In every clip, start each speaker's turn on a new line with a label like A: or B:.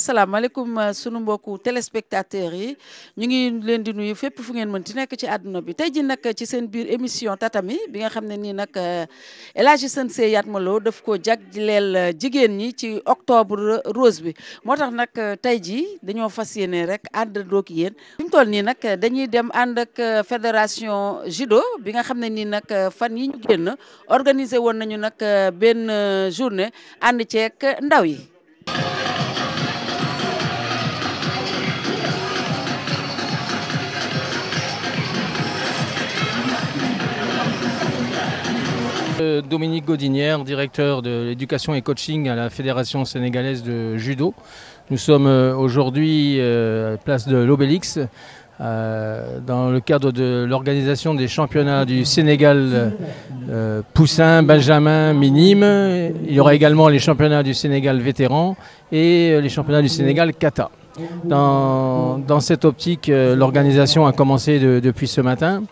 A: asalaamaaleykum euh, sunu mbokku téléspectateurs yi ñu ngi leen di nuyu fépp fu ngeen mënti nekk ci adduna bi tey ji nag ci seen biir émission tatami bi nga xam ne nii nag euh, El Hadji Sène Sèye Yatma Lo daf ko jagleel euh, jigéen ñi ci octobre rose bi moo tax nag tey ji dañoo fas yéene rek àndandoo ak yéen fi mu toll nii nag dañuy dem ànd ak fédération judo bi nga xam ne nii nag fan yi ñu génn organiser woon nañu nag benn journée ànd ceek ndaw yi
B: Euh, Dominique Godinière, directeur de l'éducation et coaching à la Fédération sénégalaise de judo. Nous sommes euh, aujourd'hui euh, à la place de l'Obélix dans le cadre de l'organisation des championnats du Sénégal Poussin, Benjamin, Minime. Il y aura également les championnats du Sénégal Vétéran et les championnats du Sénégal Kata. Dans, cette optique, l'organisation a commencé depuis ce matin.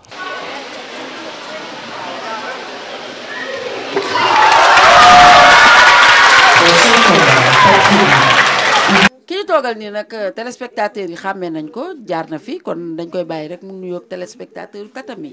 A: dogal nii nag euh, téléspectateurs yi xàmmee nañ ko jaar na fi kon dañ koy bàyyi rek mu nuyoog téléspectateur Tatami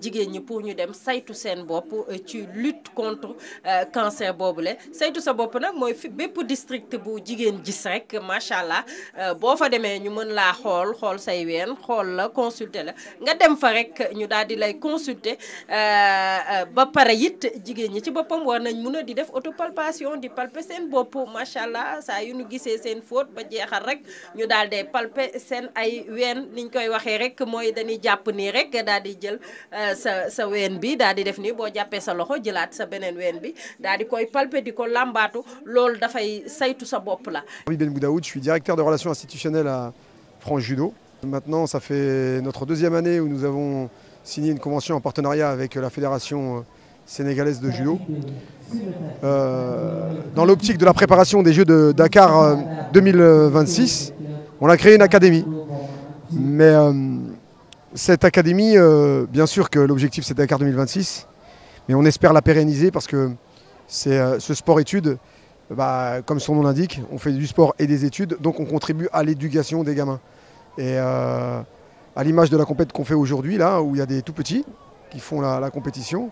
C: jigéen ñi pour ñu dem saytu seen bopp euh, ci lutte contre euh, cancer boobule saytu sa bopp nag mooy fi bépp district bu jigéen gis rek macha allah euh, boo fa demee ñu mën laa xool xool say ween xool la consulter la nga dem fa rek ñu daal di lay consulter ba pare it jigéen ñi ci boppam war nañ mun a di def autopalpation di palpé seen bopp macha allah saa yu nu gisee seen fóot ba jeexal rek ñu daal di palper seen ay ween niñ koy waxee rek mooy dañuy jàpp ni rek daal di jël sa
D: Ben je suis directeur de relations institutionnelles à France Judo. Maintenant ça fait notre deuxième année où nous avons signé une convention en partenariat avec la fédération euh, sénégalaise de judo. Euh, dans l'optique de la préparation des Jeux de Dakar 2026, euh, on a créé une académie. Mais cette académie, euh, bien sûr que l'objectif c'est Dakar 2026, mais on espère la pérenniser parce que c'est euh, ce sport-études, bah, comme son nom l'indique, on fait du sport et des études, donc on contribue à l'éducation des gamins. Et euh, à l'image de la compète qu'on fait aujourd'hui, là, où il y a des tout petits qui font la, compétition,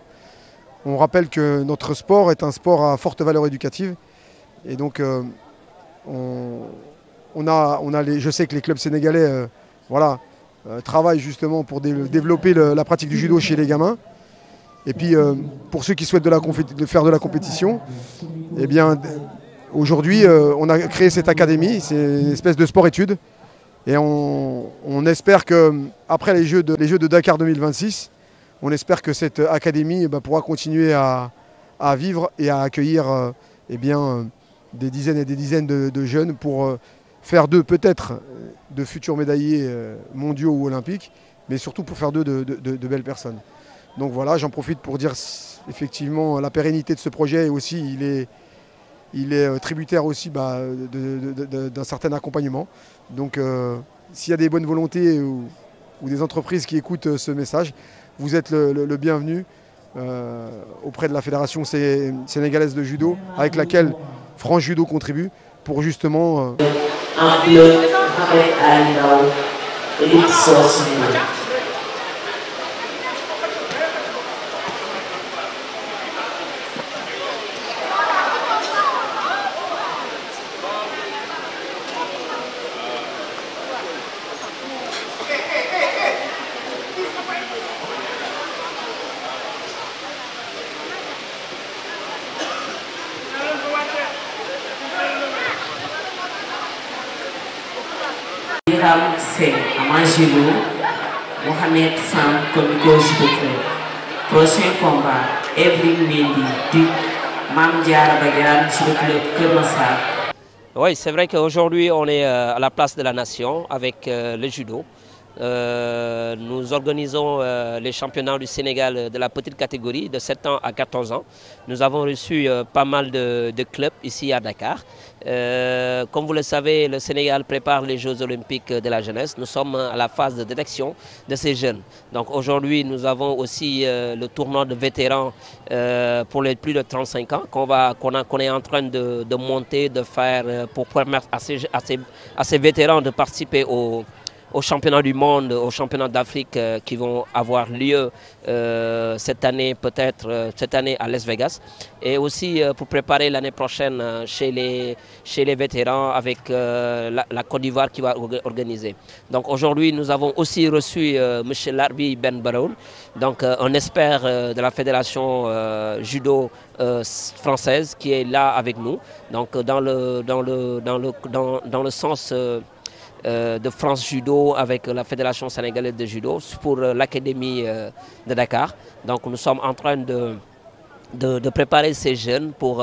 D: on rappelle que notre sport est un sport à forte valeur éducative. Et donc, on, a, on a les, je sais que les clubs sénégalais voilà, euh, travaille justement pour développer la pratique du judo chez les gamins. Et puis euh, pour ceux qui souhaitent de, faire de la compétition, eh bien aujourd'hui euh, on a créé cette académie, c'est une espèce de sport-études. Et on, espère qu'après les, jeux de, les Jeux de Dakar 2026, on espère que cette académie eh ben, pourra continuer à, vivre et à accueillir eh des dizaines et des dizaines de, de jeunes pour faire d'eux peut-être euh, de futurs médaillés euh, mondiaux ou olympiques, mais surtout pour faire d'eux de, belles personnes. Donc voilà, j'en profite pour dire effectivement la pérennité de ce projet et aussi il est, euh, tributaire aussi bah, d'un certain accompagnement. Donc s'il y a des bonnes volontés ou, des entreprises qui écoutent ce message, vous êtes le, bienvenu auprès de la Fédération sénégalaise de judo avec laquelle France Judo contribue pour justement... upload, and
E: Ali now, elite source media.
F: Oui, c'est vrai qu'aujourd'hui, on est euh, à la place de la nation avec euh, le judo. Euh, nous organisons euh, les championnats du Sénégal de la petite catégorie de 7 ans à 14 ans. Nous avons reçu euh, pas mal de, clubs ici à Dakar. comme vous le savez, le Sénégal prépare les Jeux olympiques de la jeunesse. Nous sommes à la phase de détection de ces jeunes. Donc aujourd'hui, nous avons aussi le tournoi de vétérans pour les plus de 35 ans qu'on est en train de, monter, de faire pour permettre à ces, à ces vétérans de participer au aux championnats du monde, aux championnats d'Afrique euh, qui vont avoir lieu euh, cette année, peut-être euh, cette année à Las Vegas, et aussi pour préparer l'année prochaine chez, les, chez les vétérans avec la, Côte d'Ivoire qui va organiser. Donc aujourd'hui, nous avons aussi reçu M. Larbi Ben Baroun, donc un expert de la Fédération judo française qui est là avec nous, donc dans le, dans le, dans le, dans, dans le sens euh, de France Judo avec la Fédération sénégalaise de judo pour euh, l'Académie euh, de Dakar. Donc nous sommes en train de, de, préparer ces jeunes pour...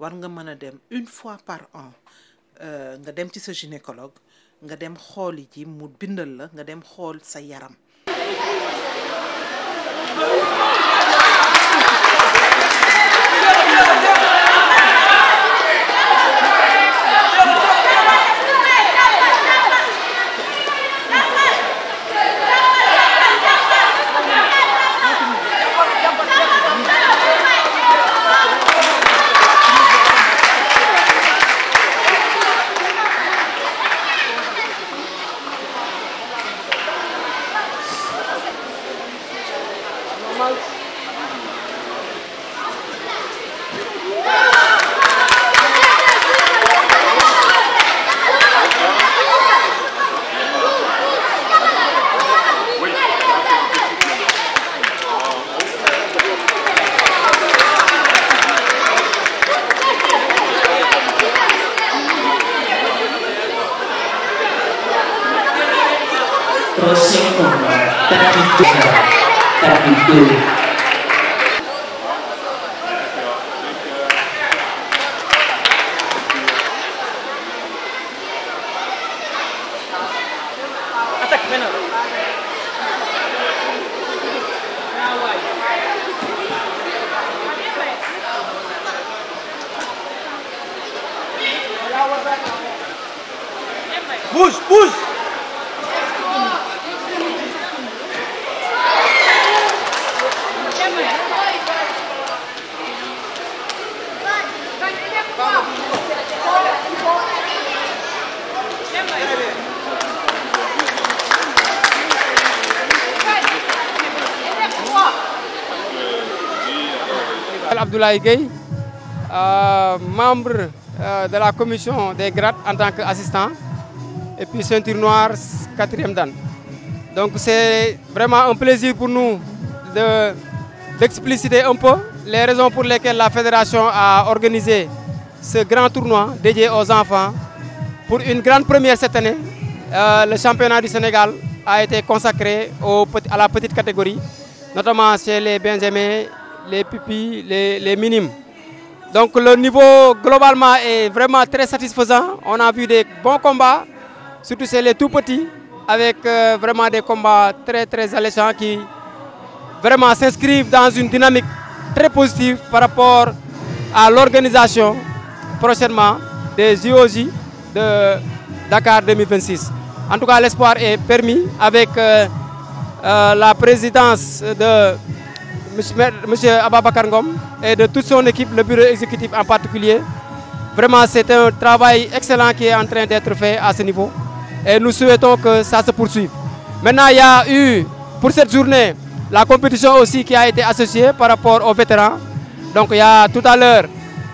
E: war nga mën a dem une fois par an euh, nga dem ci sa gynécologue nga dem xooli ji mu bindal la nga dem xool sa yaram
B: much. Bouge Bouge Abdoulaye Gueye, euh, membre euh, de la commission des grades en tant qu'assistant et puis ceinture noire, quatrième dan. Donc c'est vraiment un plaisir pour nous d'expliciter un peu les raisons pour lesquelles la fédération a organisé ce grand tournoi dédié aux enfants. Pour une grande première cette année, euh, le championnat du Sénégal a été consacré à la petite catégorie, notamment chez les bien-aimés, les pupilles, les, les minimes. Donc le niveau globalement est vraiment très satisfaisant. On a vu des bons combats, Surtout c'est les tout petits, avec euh, vraiment des combats très très alléchants qui vraiment s'inscrivent dans une dynamique très positive par rapport à l'organisation prochainement des JOJ de Dakar 2026. En tout cas, l'espoir est permis avec euh, euh, la présidence de M. Ababakar Ngom et de toute son équipe, le bureau exécutif en particulier. Vraiment, c'est un travail excellent qui est en train d'être fait à ce niveau et nous souhaitons que ça se poursuive. Maintenant, il y a eu pour cette journée la compétition aussi qui a été associée par rapport aux vétérans. Donc il y a tout à l'heure,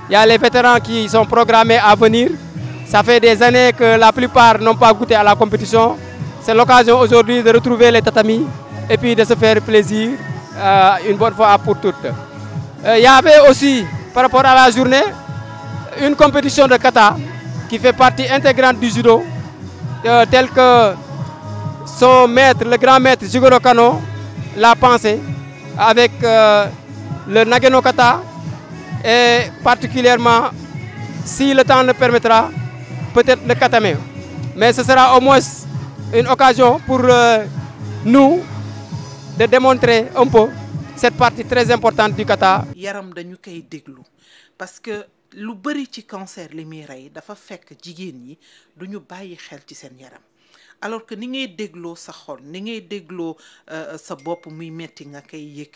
B: il y a les vétérans qui sont programmés à venir. Ça fait des années que la plupart n'ont pas goûté à la compétition. C'est l'occasion aujourd'hui de retrouver les tatamis et puis de se faire plaisir euh, une bonne fois pour toutes. Euh, il y avait aussi, par rapport à la journée, une compétition de kata qui fait partie intégrante du judo euh, tel que son maître, le grand maître Jigoro Kano, l'a pensé, avec euh, le Nageno Kata, et particulièrement, si le temps le permettra, peut-être le Katame. Mais ce sera au moins une occasion pour euh, nous de démontrer un peu cette partie très importante du kata.
E: parce que lu bëri ci cancer li muy rey dafa fekk jigéen ñi du ñu bàyyi xel ci seen yaram alors que ni ngay dégloo sa xol ni ngay dégloo euh, sa bopp muy metti nga koy yëg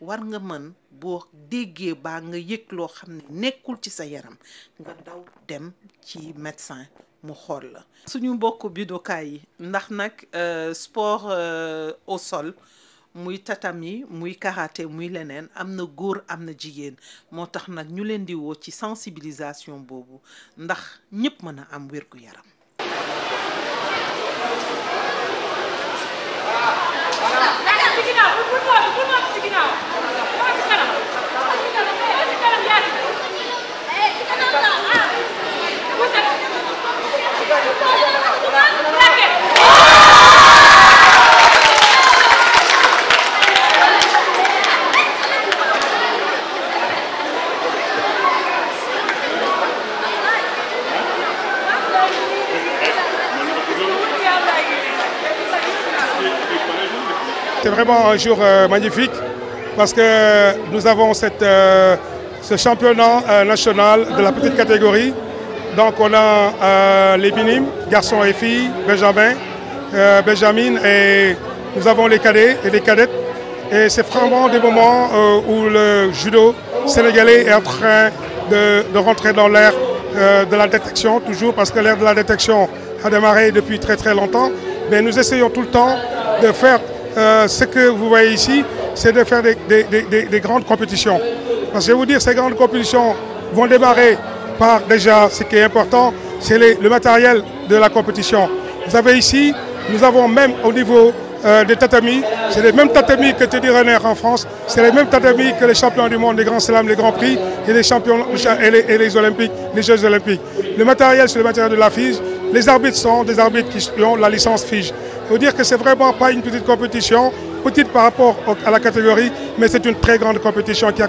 E: war nga mën boo déggee baa nga yëg loo xam ne nekkul ci sa yaram nga daw dem ci médecin mu xool la suñu mbokk judokaay yi ndax nag euh, sport euh, au sol muy tatami muy karaté muy leneen am na góor am na jigéen moo tax nag ñu leen di woo ci sensibilisation boobu ndax ñépp mën a am wérgu yaram
G: C'est vraiment un jour euh, magnifique parce que nous avons euh, ce championnat euh, national de la petite catégorie. Donc on a les minimes, garçons et filles, Benjamin, Benjamin et nous avons les cadets et les cadettes. Et c'est vraiment des moments où le judo sénégalais est en train de, de rentrer dans l'ère de la détection, toujours parce que l'ère de la détection a démarré depuis très très longtemps. Mais nous essayons tout le temps de faire euh, ce que vous voyez ici, c'est de faire des, grandes compétitions. je vais vous dire, ces grandes compétitions vont démarrer par déjà ce qui est important, c'est le matériel de la compétition. Vous avez ici, nous avons même au niveau euh, des tatamis, c'est les mêmes tatamis que Teddy Renner en France, c'est les mêmes tatamis que les champions du monde, les grands slams, les grands prix et les champions et les, olympiques, les Jeux olympiques. Le matériel, c'est le matériel de la FIGE. Les arbitres sont des arbitres qui ont la licence FIGE vous dire que c'est vraiment pas une petite compétition, petite par rapport à la catégorie, mais c'est une très grande compétition qui a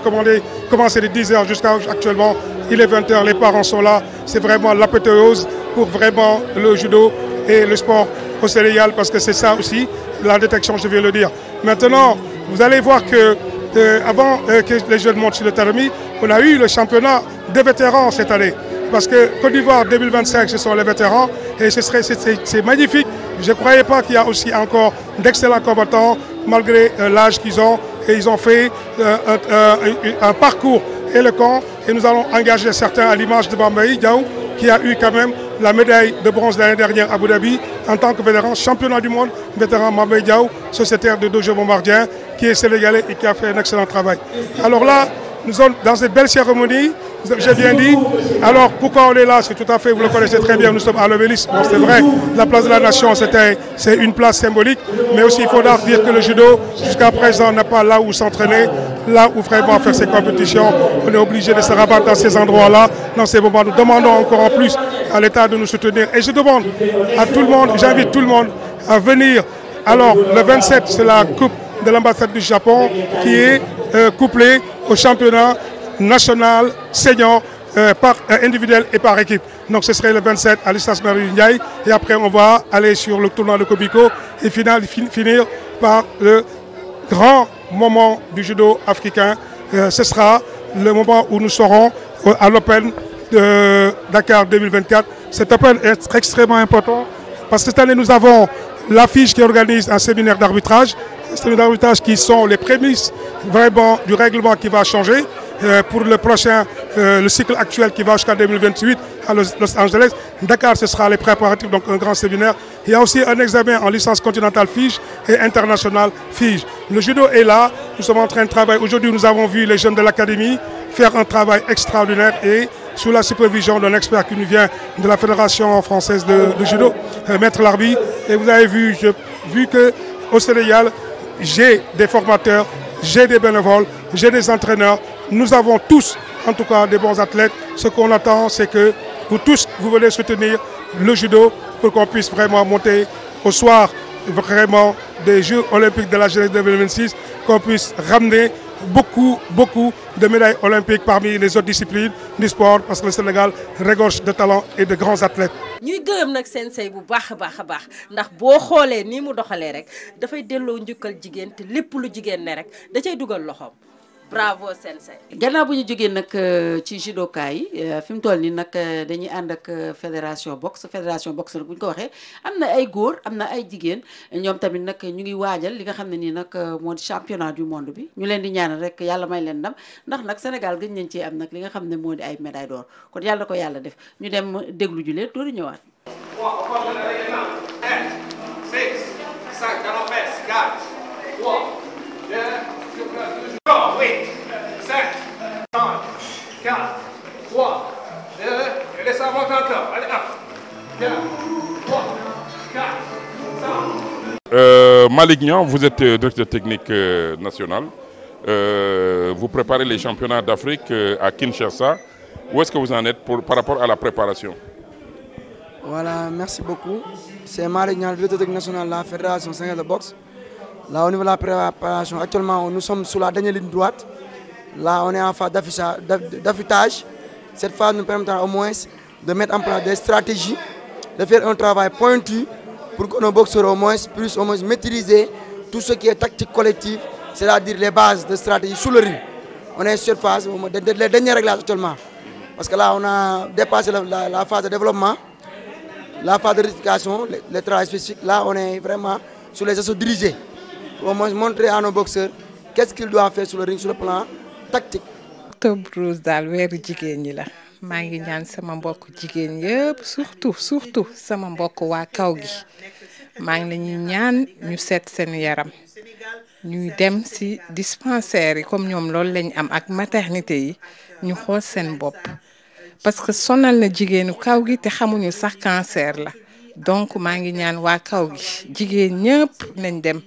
G: commencé de 10h jusqu'à actuellement. Il est 20h, les parents sont là. C'est vraiment l'apothéose pour vraiment le judo et le sport au Sénégal, parce que c'est ça aussi, la détection, je viens de le dire. Maintenant, vous allez voir que euh, avant euh, que les jeunes montent sur le Talami, on a eu le championnat des vétérans cette année. Parce que Côte d'Ivoire 2025, ce sont les vétérans et ce c'est magnifique je ne croyais pas qu'il y a aussi encore d'excellents combattants malgré euh, l'âge qu'ils ont. Et ils ont fait euh, euh, un, parcours éloquent. Et nous allons engager certains à l'image de Bambaï Diaou, qui a eu quand même la médaille de bronze l'année dernière à Abu Dhabi en tant que vétéran championnat du monde, vétéran Bambaï Diaou, sociétaire de Dojo Bombardien, qui est sénégalais et qui a fait un excellent travail. Alors là, nous sommes dans cette belle cérémonie j'ai bien dit. Alors pourquoi on est là C'est tout à fait, vous le connaissez très bien, nous sommes à l'obélisque. c'est vrai, la place de la nation, c'est une place symbolique, mais aussi il faudra dire que le judo, jusqu'à présent, n'a pas là où s'entraîner, là où vraiment faire ses compétitions. On est obligé de se rabattre dans ces endroits-là, dans ces moments. Nous demandons encore en plus à l'État de nous soutenir. Et je demande à tout le monde, j'invite tout le monde à venir. Alors, le 27, c'est la Coupe de l'ambassade du Japon qui est euh, couplée au championnat national senior euh, par euh, individuel et par équipe. Donc ce serait le 27 à l'Estase Marie Et après, on va aller sur le tournoi de Kobiko et final, finir par le grand moment du judo africain. Euh, ce sera le moment où nous serons à l'Open de Dakar 2024. Cet Open est extrêmement important parce que cette année, nous avons l'affiche qui organise un séminaire d'arbitrage. Séminaire d'arbitrage qui sont les prémices vraiment du règlement qui va changer. Euh, pour le prochain, euh, le cycle actuel qui va jusqu'en 2028 à Los Angeles. Dakar, ce sera les préparatifs, donc un grand séminaire. Il y a aussi un examen en licence continentale FIGE et internationale FIGE. Le judo est là, nous sommes en train de travailler. Aujourd'hui, nous avons vu les jeunes de l'académie faire un travail extraordinaire et sous la supervision d'un expert qui nous vient de la Fédération française de, judo, euh, Maître Larbi. Et vous avez vu, je, vu que au Sénégal, j'ai des formateurs, j'ai des bénévoles, j'ai des entraîneurs nous avons tous, en tout cas, des bons athlètes. Ce qu'on attend, c'est que vous tous, vous voulez soutenir le judo pour qu'on puisse vraiment monter au soir vraiment des Jeux olympiques de la jeunesse 2026, qu'on puisse ramener beaucoup, beaucoup de médailles olympiques parmi les autres disciplines du sport parce que le Sénégal regorge de talents et de grands athlètes.
C: ñuy bu ndax ne bravo sensei.
A: gannaaw bu ñu jigéen nag euh, ci judoka yi euh, fi mu toll nii nag euh, dañuy ànd ak fédération boxe fédération boxe nag bu ñu ko waxee am na ay góor am na ay jigéen ñoom tamit nag ñu ngi waajal li nga xam ne nii nag moo di championnat du monde bi ñu leen di ñaanal rek yàlla may leen ndam ndax nag Sénégal gëj nañ ci am nag li nga xam ne moo di ay médaille d'or kon yàlla ko yàlla def ñu dem déglu ju leen dooru ñëwaat.
G: 3, 2, et laissez encore. Allez, 1, 2, 3,
H: 4, 5. Malignan, vous êtes euh, directeur technique euh, national. Euh, vous préparez les championnats d'Afrique à Kinshasa. Où est-ce que vous en êtes par rapport à la préparation
I: Voilà, merci beaucoup. C'est Malignan, Nian, directeur technique national de la Fédération Sénégalaise de boxe. Là, au niveau de la préparation, actuellement, nous sommes sous la dernière ligne droite. Là, on est en phase d'affûtage. Cette phase nous permettra au moins de mettre en place des stratégies, de faire un travail pointu pour que nos boxeurs au moins puissent au moins maîtriser tout ce qui est tactique collective, c'est-à-dire les bases de stratégie sous le ring. On est sur phase, les dernières réglages actuellement. Parce que là, on a dépassé la, phase de développement, la phase de rectification, les, travail spécifique. Là, on est vraiment sur les assauts dirigés. Pour au moins montrer à nos boxeurs qu'est-ce qu'ils doivent faire sur le ring, sur le plan tactique.
E: octobre rose daal weeru jigéen ñi la maa ngi ñaan sama mbokk jigéen yëpp surtout surtout sama mbokk waa kaw gi maa ngi lañuy ñaan ñu seet seen yaram ñuy dem ci dispensaire yi comme ñoom loolu lañu am ak maternité yi ñu xool seen bopp parce que sonal na jigéenu kaw gi te xamuñu sax cancer la donc maa ngi ñaan waa kaw gi jigéen ñëpp nañ dem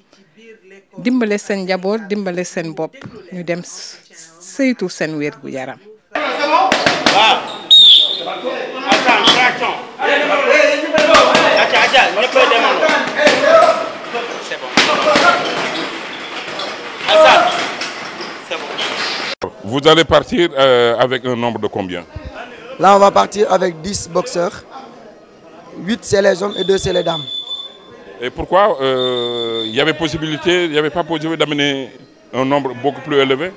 E: dimbale seen njaboot dimbale seen bopp ñu dem C'est bon. Attends.
H: c'est bon. Vous allez partir euh, avec un nombre de combien
I: Là, on va partir avec 10 boxeurs. 8 c'est les hommes et 2 c'est les dames.
H: Et pourquoi euh, il y avait possibilité, il n'y avait pas possibilité d'amener un nombre beaucoup plus élevé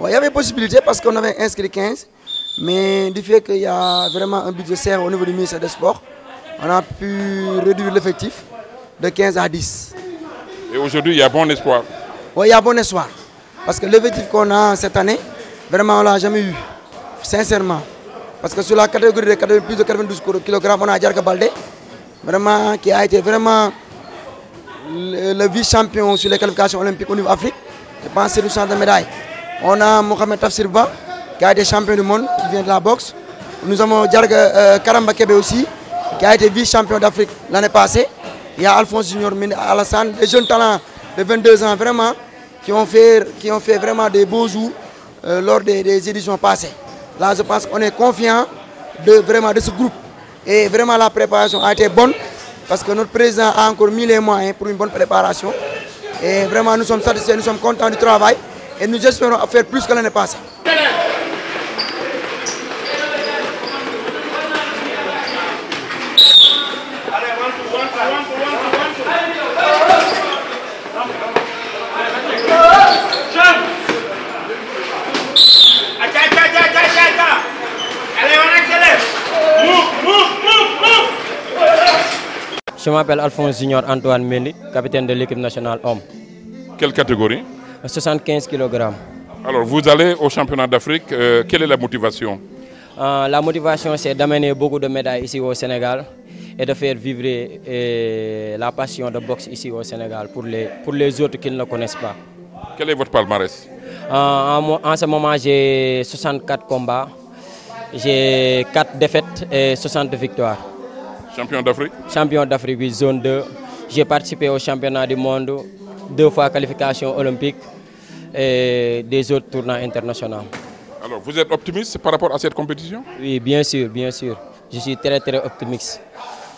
H: il y avait possibilité
I: parce qu'on avait inscrit 15, mais du fait qu'il y a vraiment un budget serré au niveau du ministère des Sports, on a pu réduire l'effectif de 15 à 10.
H: Et aujourd'hui, il y a bon espoir
I: Oui, il y a bon espoir. Parce que l'effectif qu'on a cette année, vraiment, on ne l'a jamais eu. Sincèrement. Parce que sur la catégorie de plus de 92 kg, on a Djarka Baldé, vraiment, qui a été vraiment le, vice-champion sur les qualifications olympiques au niveau Afrique. Et pense que c'est de médaille. On a Mohamed Tafsirba qui a été champion du monde, qui vient de la boxe. Nous avons Djarga euh, Karamba Kebe aussi, qui a été vice-champion d'Afrique l'année passée. Il y a Alphonse Junior Alassane, des jeunes talents de 22 ans vraiment, qui ont fait, qui ont fait vraiment des beaux jours euh, lors des, éditions passées. Là, je pense qu'on est confiant de, vraiment de ce groupe. Et vraiment, la préparation a été bonne parce que notre président a encore mis les moyens pour une bonne préparation. Et vraiment, nous sommes satisfaits, nous sommes contents du travail et nous espérons faire plus que l'année passée.
B: Je m'appelle Alphonse Junior Antoine Meli.. capitaine de l'équipe nationale
H: homme. Quelle catégorie
B: 75 euh, kg.
H: Alors vous allez au championnat d'Afrique, euh, quelle est la motivation
B: euh, La motivation c'est d'amener beaucoup de médailles ici au Sénégal et de faire vivre la passion de boxe ici au Sénégal pour les, pour les autres qui ne le connaissent pas.
H: Quel est votre palmarès
B: en, ce moment j'ai 64 combats, j'ai 4 défaites et 60 victoires. Champion d'Afrique Champion d'Afrique, zone 2. J'ai participé au championnat du monde, deux fois qualification olympique et des autres tournois internationaux. Alors, vous êtes optimiste par rapport à cette compétition Oui, bien sûr, bien sûr. Je suis très, très optimiste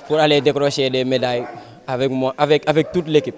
B: pour aller décrocher des médailles avec moi, avec, avec toute l'équipe.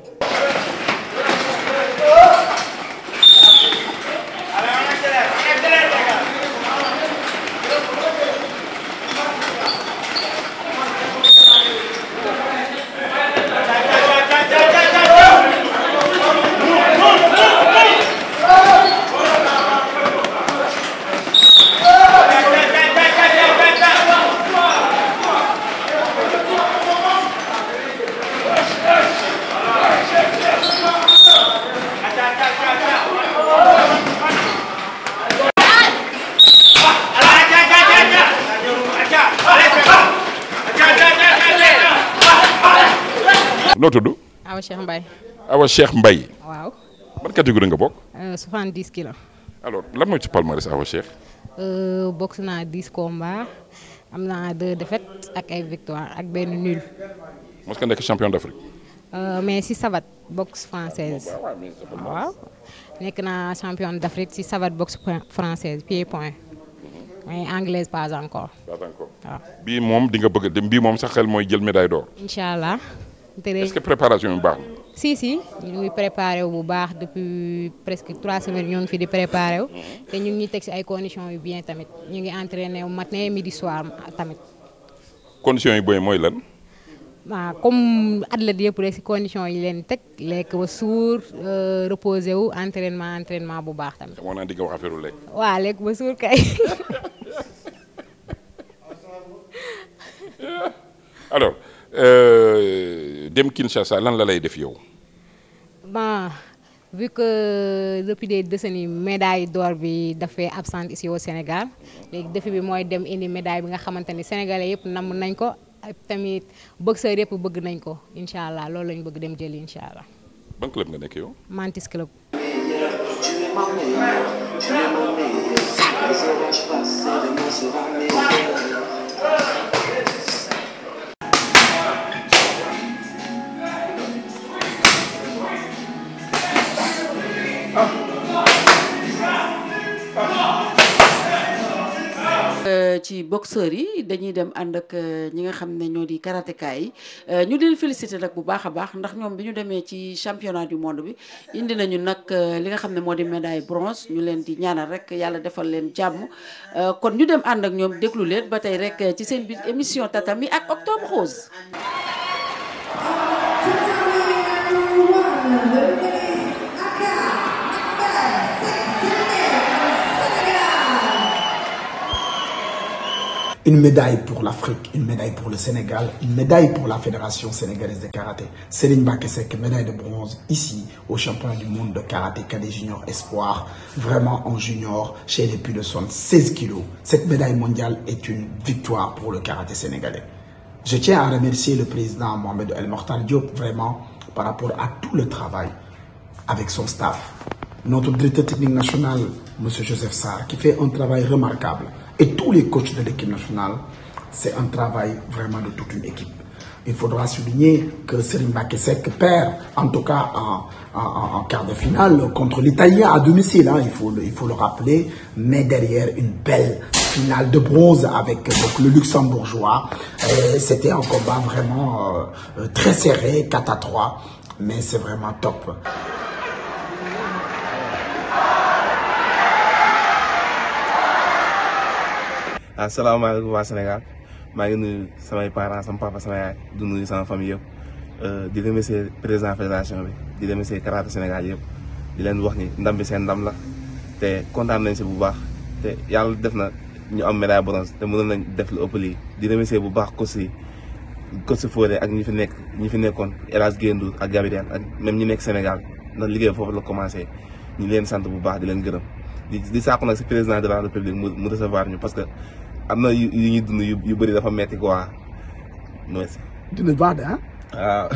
H: noo tudd. Awa Cheikh Mbaye. Awa Cheikh Mbaye. waaw. ban catégorie nga bokk.
J: 70 euh, kg
H: alors lan moy ci palmarès Awa Cheikh.
J: box na 10 combats Amna 2 défaites ak ay victoire ak ben nul.
H: mos nga nekk champion d'Afrique.
J: Euh, mais si savate boxe française
H: bah waaw
J: Nek na champion d'Afrique si savate boxe française pied point. Mhm. mais anglaise pas encore.
H: pas encore waaw. bii moom di nga bëgg bi mom sa xel moy jël médaille d'or.
J: Inshallah est-ce que
H: préparation bi un bar?
J: si si nous préparons préparé wu depuis presque trois semaines Nous ngi fi di préparé wu. Mhm. te ñu ngi conditions bien tamit ñu ngi entraîné wu matin midi soir tamit.
H: conditions yu booy mooy lan.
J: waaw ah, comme athlète yëpp rek conditions yi leen teg lekk ba suur euh, reposé wu entraînement entraînement bu baax tamit. xamoon
H: naa di nga wax affaire lekk.
J: les lekk ba suur
H: alors. Euh, dem Kinshasa lan la lay def yow.
J: bon vu que depuis des décennies médaille d'or bi dafay absente ici au Sénégal léegi défi bi mooy dem indi médaille bi nga xamante ni sénégalais yëpp namm nañ ko tamit boxeur yëpp bëgg nañ ko incha allah loolu lañ bëgg dem jëli incha allah.
H: ban club nga nekk yow.
A: ci boxeurs yi dañuy dem ànd ak euh, ñi nga xam ne ñoo di karatéka yi euh, ñu leen félicité nag bu baax a baax ndax ñoom bi ñu demee ci championnat du monde bi indi nañu nag euh, li nga xam ne moo di médaille bronze ñu leen di ñaanal rek yàlla defal leen jàmm kon ñu dem ànd ak ñoom déglu leen ba tey rek ci seen biir émission tatami ak octobre rose
K: Une médaille pour l'Afrique, une médaille pour le Sénégal, une médaille pour la Fédération sénégalaise de karaté. Céline Bakesek, médaille de bronze ici au championnat du monde de karaté KD junior espoir, vraiment en junior chez les plus de 16 kilos. Cette médaille mondiale est une victoire pour le karaté sénégalais. Je tiens à remercier le président Mohamed El Mortal Diop vraiment par rapport à tout le travail avec son staff. Notre directeur technique national, M. Joseph Sarr, qui fait un travail remarquable et tous les coachs de l'équipe nationale, c'est un travail vraiment de toute une équipe. Il faudra souligner que Serine Bakesek perd, en tout cas en, quart de finale, contre l'Italien à domicile, hein, il, faut le, il faut le rappeler, mais derrière une belle finale de bronze avec le luxembourgeois. C'était un combat vraiment euh, euh, très serré, 4 à 3, mais c'est vraiment top. asalaamaaleykum waa Sénégal maa ngi nuyu samay parents sama papa sama yaay di nuyu sama famille yëpp euh, di remercier président fédération bi di remercier karaté Sénégal yëpp di leen wax ni ndam bi seen ndam la te kontaan nañ si bu baax te yàlla def na ñu am médaille bronze te mënoon nañ def lu ëpp lii di remercier bu baax coach yi coach Fodé ak ñi fi nekk ñi fi nekkoon El Hadj Guèye ak Gabriel ak même ñi nekk Sénégal ndax liggéey foofu la commencé ñu leen sant bu baax di leen gërëm di di si président de la république mu recevoir ñu parce que. am na yu ñuy dund yu bëri dafa metti quoi. merci. dina baax de ah.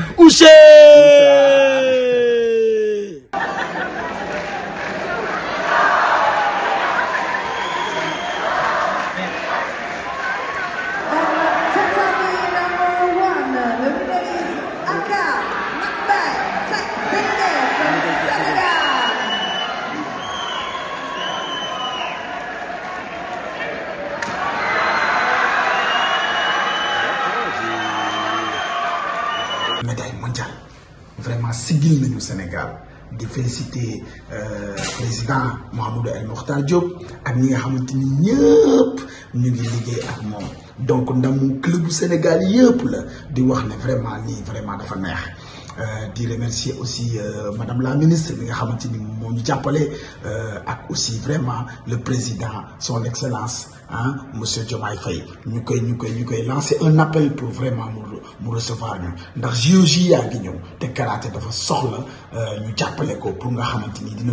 K: vraiment au Sénégal de féliciter euh, président Mohamed El Mokhtar Diop ak donc nous Sénégal yëpp de vraiment vraiment dafa euh, remercier aussi euh, madame la ministre aussi vraiment le président son excellence hein, monsieur Faye Nous lancer un appel pour vraiment. mu recevoir ñu ndax gi yaa ngi ñëw te karaté dafa soxla euh, ñu jàppale ko pour nga xamante ni dina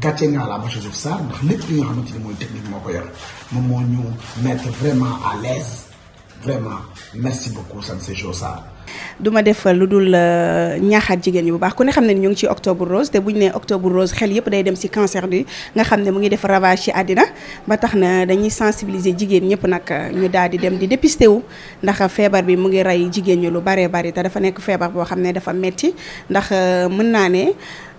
K: gàcce ngaa la Bachir Diouf Sarr ndax lépp li nga xamante ni mooy technique moo ko yor moom ñu mettre vraiment à l'aise vraiment merci beaucoup Sansé Diouf Sarr
A: du ma def lu dul euh, ñaaxaat jigéen ñi bu baax ku ne xam ne ñu ngi ci octobre rose te bu ñu nee octobre rose xel yëpp day dem ci cancer bi nga xam ne mu ngi def ravage ci àddina ba tax na dañuy sensibiliser jigéen ñëpp nag ñu daal di dem di dépister wu ndax feebar bi mu ngi rey jigéen ñi lu bare bari te dafa nekk feebar boo xam ne dafa metti ndax euh, mën naa ne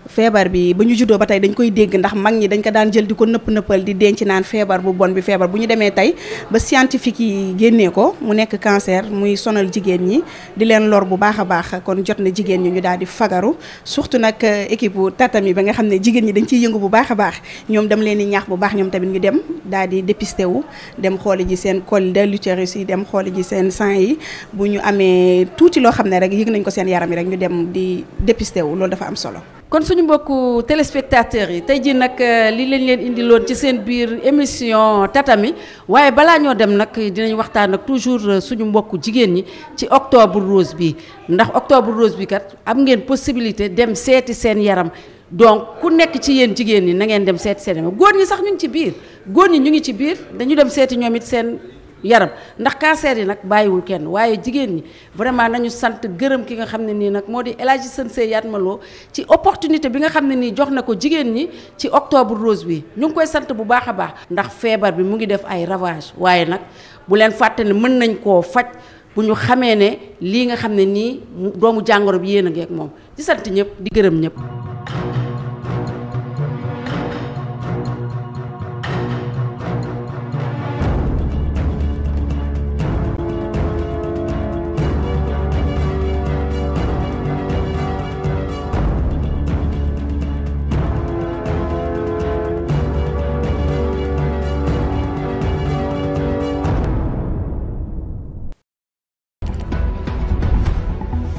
A: feebar bi ba ñu juddoo ba tey dañ koy dégg ndax mag ñi dañ ko daan jël di ko nëpp nëppal di denc naan feebar bu bon bi feebar bu ñu demee tey ba scientifique yi génnee ko mu nekk cancer muy sonal jigéen ñi di leen lor bu baax a baax kon jot na jigéen ñi ñu daal di fagaru surtout nag euh, équipe bu tatami ba nga xam ne jigéen ñi dañ ciy yëngu bu baax a baax ñoom dam leen di ñaax bu baax ñoom tamit ñu dem daal di dépisté wu dem xooli ji seen col de l'utérus yi dem xooli ji seen sang yi bu ñu amee tuuti loo xam ne rek yëg nañ ko seen yaram rek ñu dem di dépisté wu dafa am solo kon suñu mbokku téléspectateurs yi tey jii nag euh, li lañ leen indiloon ci seen biir émission tatami waaye balaa ñoo dem nag dinañ waxtaan ak toujours euh, suñu mbokku jigéen ñi ci octobre rose bi ndax octobre rose bi kat am ngeen possibilité dem seeti seen yaram donc ku nekk ci yéen jigéen ñi na ngeen dem seeti seen yaram góor ñi sax ñu ngi ci biir góor ñi ñu ngi ci biir dañu dem seeti ñoom it seen yaram ndax cancer yi nag bàyyiwul kenn waaye jigéen ñi vraiment nañu sant gërëm ki nga xam ne nii nag moo di El Hadji Sène Sèye Yatma ci opportunité bi nga xam ne nii jox na ko jigéen ñi ci octobre rose bi ñu ngi koy sant bu baax a baax ndax feebar bi mu ngi def ay ravage waaye nag bu leen fàtte mën nañ koo faj bu ñu xamee ne lii nga xam ne nii doomu jàngoro bi yéen a ngeek moom ci sant ñëpp di gërëm ñëpp